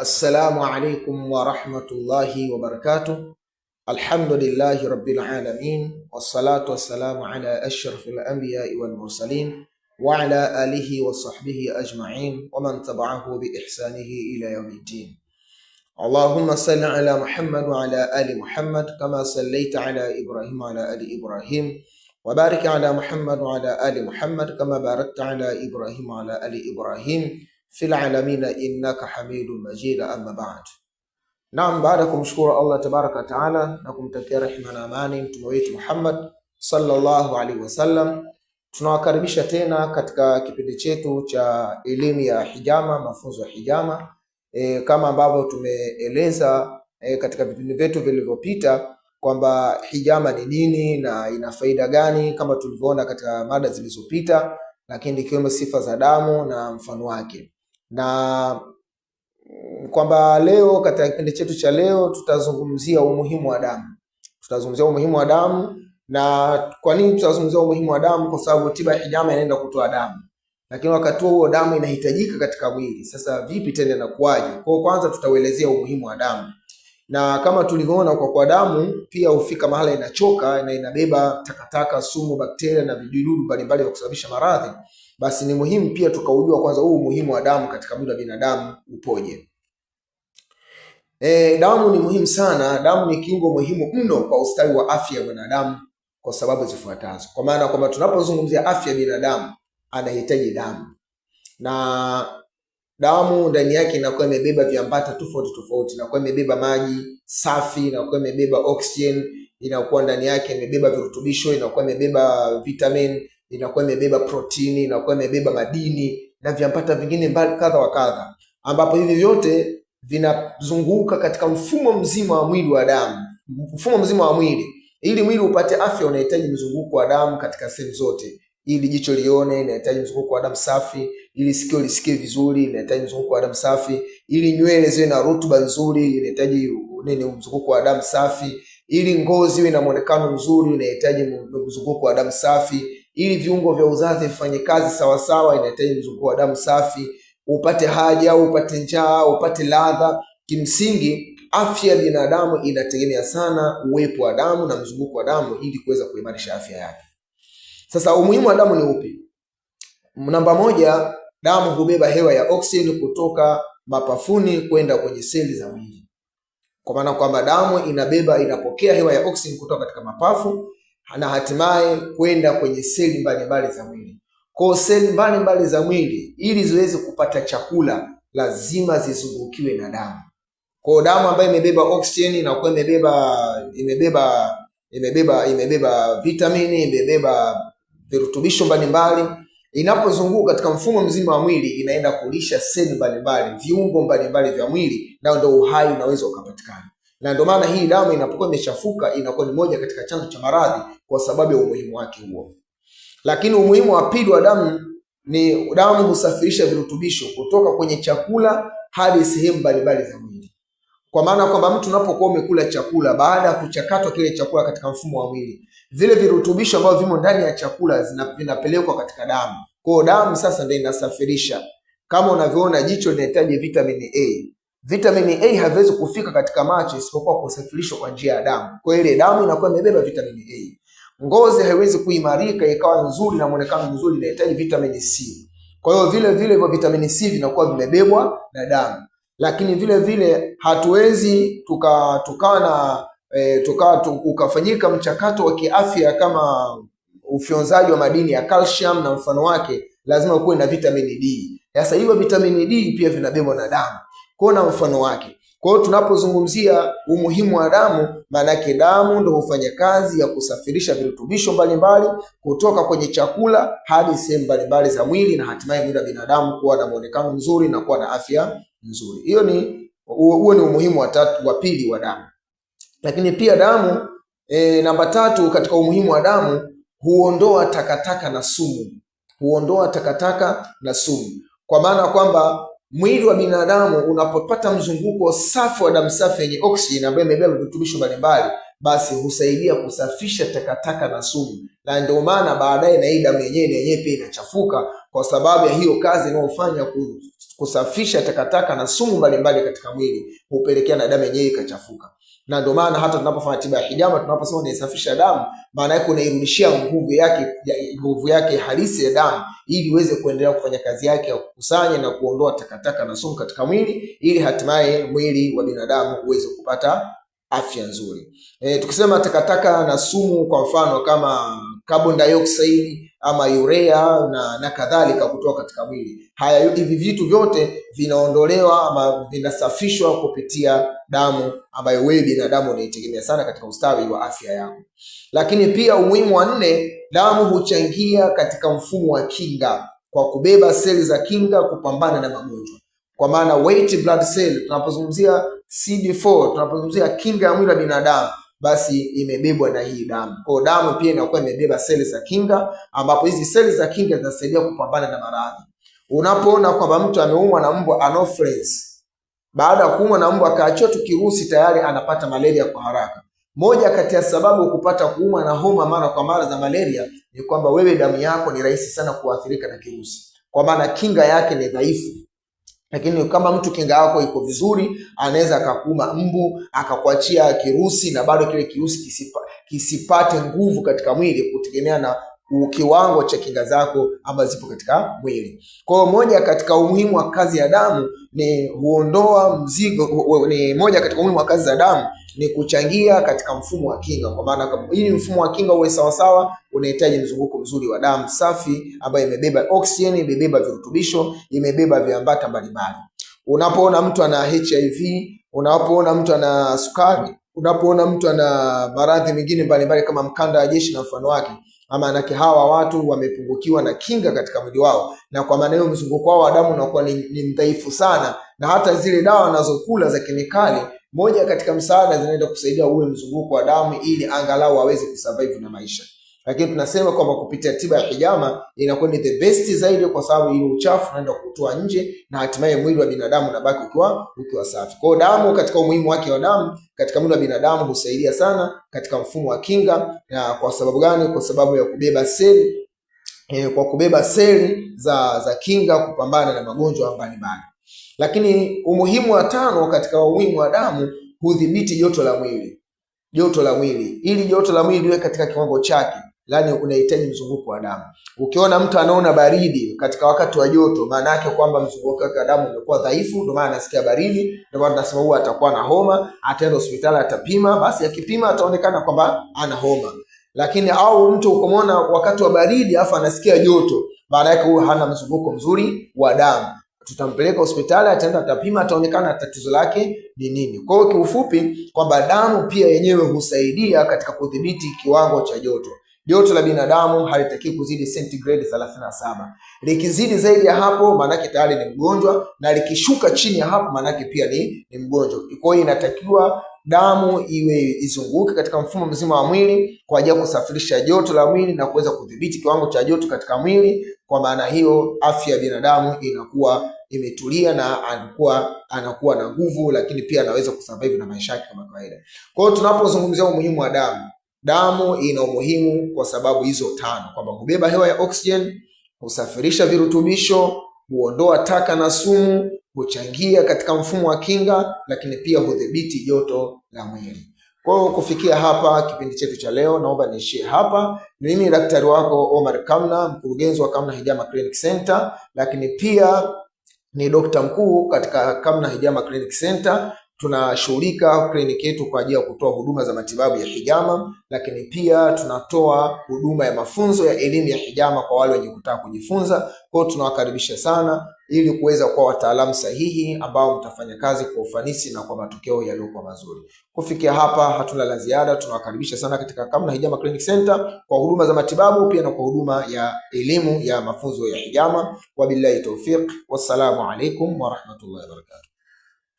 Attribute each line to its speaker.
Speaker 1: السلام عليكم ورحمة الله وبركاته الحمد لله رب العالمين والصلاة والسلام على أشرف الأنبياء والمرسلين وعلى آله وصحبه أجمعين ومن تبعه بإحسانه إلى يوم الدين اللهم صل على محمد وعلى آل محمد كما صليت على إبراهيم وعلى آل إبراهيم وبارك على محمد وعلى آل محمد كما باركت على إبراهيم وعلى آل إبراهيم fil alamina innaka hamidu majid, amma ba'd. Naam, baada ya kumshukuru Allah tabaraka taala na kumtakia rehema na amani mtume wetu Muhammad sallallahu alaihi wasallam, tunawakaribisha tena katika kipindi chetu cha elimu ya hijama, mafunzo ya hijama. E, kama ambavyo tumeeleza e, katika vipindi vyetu vilivyopita kwamba hijama ni nini na ina faida gani, kama tulivyoona katika mada zilizopita, lakini ikiwemo sifa za damu na mfano wake na mm, kwamba leo katika kipindi chetu cha leo tutazungumzia umuhimu wa damu. Tutazungumzia umuhimu wa damu, na kwa nini tutazungumzia umuhimu wa damu? Kwa sababu tiba ya hijama inaenda kutoa damu, lakini wakati huo damu inahitajika katika mwili. Sasa vipi tena kuaje? Kwa kwanza tutauelezea umuhimu wa damu, na kama tulivyoona kwa kwa damu pia hufika mahala inachoka na inabeba takataka, sumu, bakteria na vijidudu mbalimbali vya kusababisha maradhi basi ni muhimu pia tukaujua kwanza huu umuhimu wa damu katika mwili wa binadamu upoje. E, damu ni muhimu sana. Damu ni kiungo muhimu mno kwa ustawi wa afya ya mwanadamu kwa sababu zifuatazo, kwa maana kwamba tunapozungumzia afya ya binadamu anahitaji damu, na damu ndani yake inakuwa imebeba viambata tofauti tofauti, inakuwa imebeba maji safi, inakuwa imebeba oxygen, inakuwa ndani yake imebeba virutubisho, inakuwa imebeba vitamin inakuwa imebeba protini, inakuwa imebeba madini na viambata vingine mbali kadha wa kadha, ambapo hivi vyote vinazunguka katika mfumo mzima wa mwili wa damu, mfumo mzima wa mwili. Ili mwili upate afya, unahitaji mzunguko wa damu katika sehemu zote. Ili jicho lione, inahitaji mzunguko wa damu safi. Ili sikio lisikie vizuri, inahitaji mzunguko wa damu safi. Ili nywele ziwe na rutuba nzuri, inahitaji nini? Mzunguko wa damu safi. Ili ngozi iwe na mwonekano mzuri, inahitaji mzunguko wa damu safi ili viungo vya uzazi vifanye kazi sawasawa, inahitaji mzunguko wa damu safi, upate haja, upate njaa, upate ladha. Kimsingi, afya ya binadamu inategemea sana uwepo wa damu na mzunguko wa damu ili kuweza kuimarisha afya yake. Sasa umuhimu wa damu ni upi? Namba moja, damu hubeba hewa ya oksijeni kutoka mapafuni kwenda kwenye seli za mwili, kwa maana kwamba damu inabeba, inapokea hewa ya oksijeni kutoka katika mapafu na hatimaye kwenda kwenye seli mbalimbali za mwili. Kwa seli mbalimbali za mwili ili ziweze kupata chakula lazima zizungukiwe na damu. Kwa damu ambayo imebeba oxygen kwa imebeba imebeba imebeba imebeba vitamini, imebeba virutubisho mbalimbali, inapozunguka katika mfumo mzima wa mwili inaenda kulisha seli mbalimbali, viungo mbalimbali vya mwili, nao ndio uhai unaweza ukapatikana na ndio maana hii damu inapokuwa imechafuka inakuwa ni moja katika chanzo cha maradhi kwa sababu ya umuhimu wake huo. Lakini umuhimu wa pili wa damu ni damu husafirisha virutubisho kutoka kwenye chakula hadi sehemu mbalimbali za mwili, kwa maana kwamba mtu unapokuwa umekula chakula, baada ya kuchakatwa kile chakula katika mfumo wa mwili, vile virutubisho ambavyo vimo ndani ya chakula vinapelekwa katika damu. Kwa hiyo damu sasa ndio inasafirisha. Kama unavyoona, jicho linahitaji vitamini A vitamini A haviwezi kufika katika macho isipokuwa kusafirishwa kwa njia ya damu. Kwa ile damu inakuwa imebeba vitamini A. Ngozi haiwezi kuimarika ikawa nzuri na muonekano mzuri, inahitaji vitamini C. Kwa hiyo vile vile hivyo vitamini C vinakuwa vimebebwa na damu, lakini vile vile hatuwezi tuka tukawa na e, tuka, tuka, ukafanyika mchakato wa kiafya kama ufyonzaji wa madini ya calcium na mfano wake, lazima kuwe na vitamini D. Sasa hivyo vitamini D pia vinabebwa na damu kuona mfano wake. Kwa hiyo tunapozungumzia umuhimu wa damu, maanake damu ndio hufanya kazi ya kusafirisha virutubisho mbalimbali kutoka kwenye chakula hadi sehemu mbalimbali za mwili na hatimaye mwili wa binadamu kuwa na muonekano mzuri na kuwa na afya nzuri. Hiyo ni huo ni umuhimu wa tatu, wa pili wa damu. Lakini pia damu e, namba tatu katika umuhimu wa damu huondoa takataka na sumu, huondoa takataka na sumu, kwa maana kwamba mwili wa binadamu unapopata mzunguko safi wa damu safi yenye oksijeni ambayo imebeba virutubisho mbalimbali, basi husaidia kusafisha takataka na sumu, na ndio maana baadaye na hii damu yenyewe yenyewe pia inachafuka kwa sababu ya hiyo kazi inayofanya kusafisha takataka na sumu mbalimbali katika mwili, hupelekea na damu yenyewe ikachafuka na ndio maana hata tunapofanya tiba ya hijama, tunaposema unaisafisha damu, maana yake unairudishia nguvu yake nguvu yake halisi ya damu, ili iweze kuendelea kufanya kazi yake ya kukusanya na kuondoa takataka na sumu katika mwili, ili hatimaye mwili wa binadamu uweze kupata afya nzuri. E, tukisema takataka na sumu, kwa mfano kama carbon dioxide ama urea na, na kadhalika kutoka katika mwili. Haya, hivi vitu vyote vinaondolewa ama vinasafishwa kupitia damu ambayo wewe binadamu unaitegemea sana katika ustawi wa afya yako. Lakini pia umuhimu wa nne, damu huchangia katika mfumo wa kinga kwa kubeba seli za kinga kupambana na magonjwa kwa maana white blood cell tunapozungumzia CD4, tunapozungumzia kinga ya mwili wa binadamu, basi imebebwa na hii damu. Kwa damu pia inakuwa imebeba seli za kinga, ambapo hizi seli za kinga zinasaidia kupambana na maradhi. Unapoona kwamba mtu ameumwa na mbwa anopheles, baada ya kuumwa na mbwa akaachia tu kirusi, tayari anapata malaria kwa haraka. Moja kati ya sababu kupata kuumwa na homa mara kwa mara za malaria ni kwamba wewe damu yako ni rahisi sana kuathirika na kirusi, kwa maana kinga yake ni dhaifu. Lakini kama mtu kinga yako iko vizuri, anaweza akakuuma mbu akakuachia kirusi, na bado kile kirusi kisipa, kisipate nguvu katika mwili kutegemea na kiwango cha kinga zako ambazo zipo katika mwili. Kwa hiyo moja katika umuhimu wa kazi ya damu ni huondoa mzigo, ni moja katika umuhimu wa kazi za damu ni kuchangia katika mfumo wa kinga, kwa maana ili mfumo wa kinga uwe sawasawa, unahitaji mzunguko mzuri wa damu safi ambayo imebeba oxygen, imebeba virutubisho, imebeba viambata mbalimbali. Unapoona mtu ana HIV, unapoona mtu ana sukari, unapoona mtu ana maradhi mengine mbalimbali kama mkanda wa jeshi na mfano wake, ama maanake hawa watu wamepungukiwa na kinga katika mwili wao, na kwa maana hiyo mzunguko wao wa damu unakuwa ni, ni mdhaifu sana, na hata zile dawa wanazokula za kemikali moja katika msaada zinaenda kusaidia uwe mzunguko wa damu ili angalau aweze kusurvive na maisha, lakini tunasema kwamba kupitia tiba ya hijama inakuwa ni the best zaidi, kwa sababu ile uchafu unaenda kutoa nje na hatimaye mwili wa binadamu unabaki ukiwa ukiwa safi. Kwa hiyo damu, katika umuhimu wake wa damu katika mwili wa binadamu husaidia sana katika mfumo wa kinga. Na kwa sababu gani? Kwa sababu ya kubeba seli, eh, kwa kubeba seli za za kinga kupambana na magonjwa mbalimbali. Lakini umuhimu wa tano katika wawimu wa damu, hudhibiti joto la mwili. Joto la mwili, ili joto la mwili liwe katika kiwango chake, yaani unahitaji mzunguko wa damu. Ukiona mtu anaona baridi katika wakati wa joto, maana yake kwamba mzunguko wake wa damu umekuwa dhaifu, ndio maana anasikia baridi. Ndio maana tunasema huwa atakuwa na homa, ataenda hospitali, atapima, basi akipima ataonekana kwamba ana homa lakini au mtu ukamwona wakati wa baridi afa anasikia joto, maana yake huyo hana mzunguko mzuri wa damu tutampeleka hospitali, ataenda atapima, ataonekana tatizo lake ni nini. Kwa hiyo kiufupi, kwamba damu pia yenyewe husaidia katika kudhibiti kiwango cha joto. Joto la binadamu halitaki kuzidi sentigredi 37. Likizidi zaidi ya hapo, maanake tayari ni mgonjwa, na likishuka chini ya hapo, maanake pia ni, ni mgonjwa. Kwa hiyo inatakiwa damu iwe izunguke katika mfumo mzima wa mwili kwa ajili ya kusafirisha joto la mwili na kuweza kudhibiti kiwango cha joto katika mwili. Kwa maana hiyo, afya ya binadamu inakuwa imetulia na anakuwa anakuwa na nguvu, lakini pia anaweza kusurvive na maisha yake kama kawaida. Kwa hiyo tunapozungumzia umuhimu wa damu, damu ina umuhimu kwa sababu hizo tano, kwamba hubeba hewa ya oxygen, husafirisha virutubisho huondoa taka na sumu, huchangia katika mfumo wa kinga, lakini pia hudhibiti joto la mwili. Kwa hiyo kufikia hapa kipindi chetu cha leo, naomba niishie hapa. Ni mimi daktari wako Omar Kamna, mkurugenzi wa Kamna Hijama Clinic Center, lakini pia ni dokta mkuu katika Kamna Hijama Clinic Center tunashughulika kliniki yetu kwa ajili ya kutoa huduma za matibabu ya hijama, lakini pia tunatoa huduma ya mafunzo ya elimu ya hijama kwa wale wenye kutaka kujifunza. Kwa hiyo tunawakaribisha sana ili kuweza kuwa wataalamu sahihi ambao mtafanya kazi kwa ufanisi na kwa matokeo yaliyokuwa mazuri. Kufikia hapa, hatuna la ziada. Tunawakaribisha sana katika Kamna Hijama Clinic Center kwa huduma za matibabu, pia na kwa huduma ya elimu ya mafunzo ya hijama. Wabillahi taufiq, wassalamu alaikum warahmatullahi wabarakatuh.